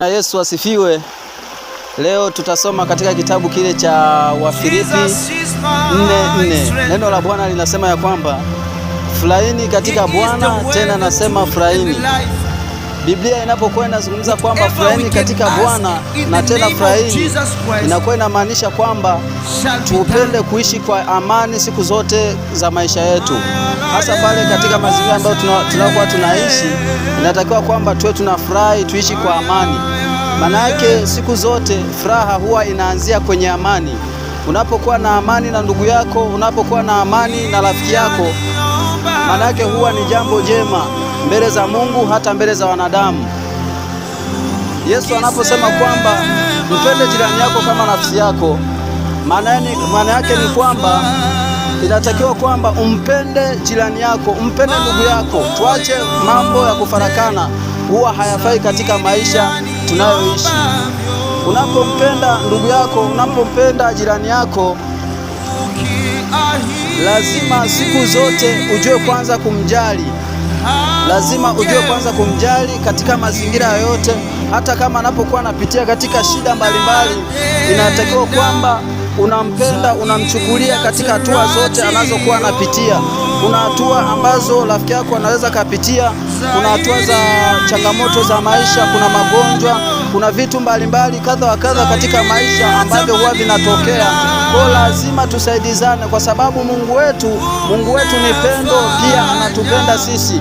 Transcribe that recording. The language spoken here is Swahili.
Na Yesu asifiwe. Leo tutasoma katika kitabu kile cha Wafilipi 4:4. Neno la Bwana linasema ya kwamba furahini katika Bwana, tena nasema furahini. Biblia inapokuwa inazungumza kwamba furahini katika Bwana na tena furahini, inakuwa inamaanisha kwamba tupende kuishi kwa amani siku zote za maisha yetu, hasa pale katika mazingira ambayo tunakuwa tunaishi. Inatakiwa kwamba tuwe tunafurahi, tuishi kwa amani, manake siku zote furaha huwa inaanzia kwenye amani. Unapokuwa na amani na ndugu yako, unapokuwa na amani na rafiki yako, manake huwa ni jambo jema mbele za Mungu hata mbele za wanadamu. Yesu anaposema kwamba mpende jirani yako kama nafsi yako, maana yake ni kwamba inatakiwa kwamba umpende jirani yako, umpende ndugu yako. Tuache mambo ya kufarakana, huwa hayafai katika maisha tunayoishi. Unapompenda ndugu yako, unapompenda jirani yako, lazima siku zote ujue kwanza kumjali. Lazima ujue kwanza kumjali katika mazingira yoyote, hata kama anapokuwa anapitia katika shida mbalimbali, inatakiwa kwamba unampenda, unamchukulia katika hatua zote anazokuwa anapitia. Kuna hatua ambazo rafiki yako anaweza kapitia, kuna hatua za changamoto za maisha, kuna magonjwa kuna vitu mbalimbali kadha wa kadha katika maisha ambavyo huwa vinatokea, kwa lazima tusaidizane, kwa sababu Mungu wetu Mungu wetu ni pendo, pia anatupenda sisi.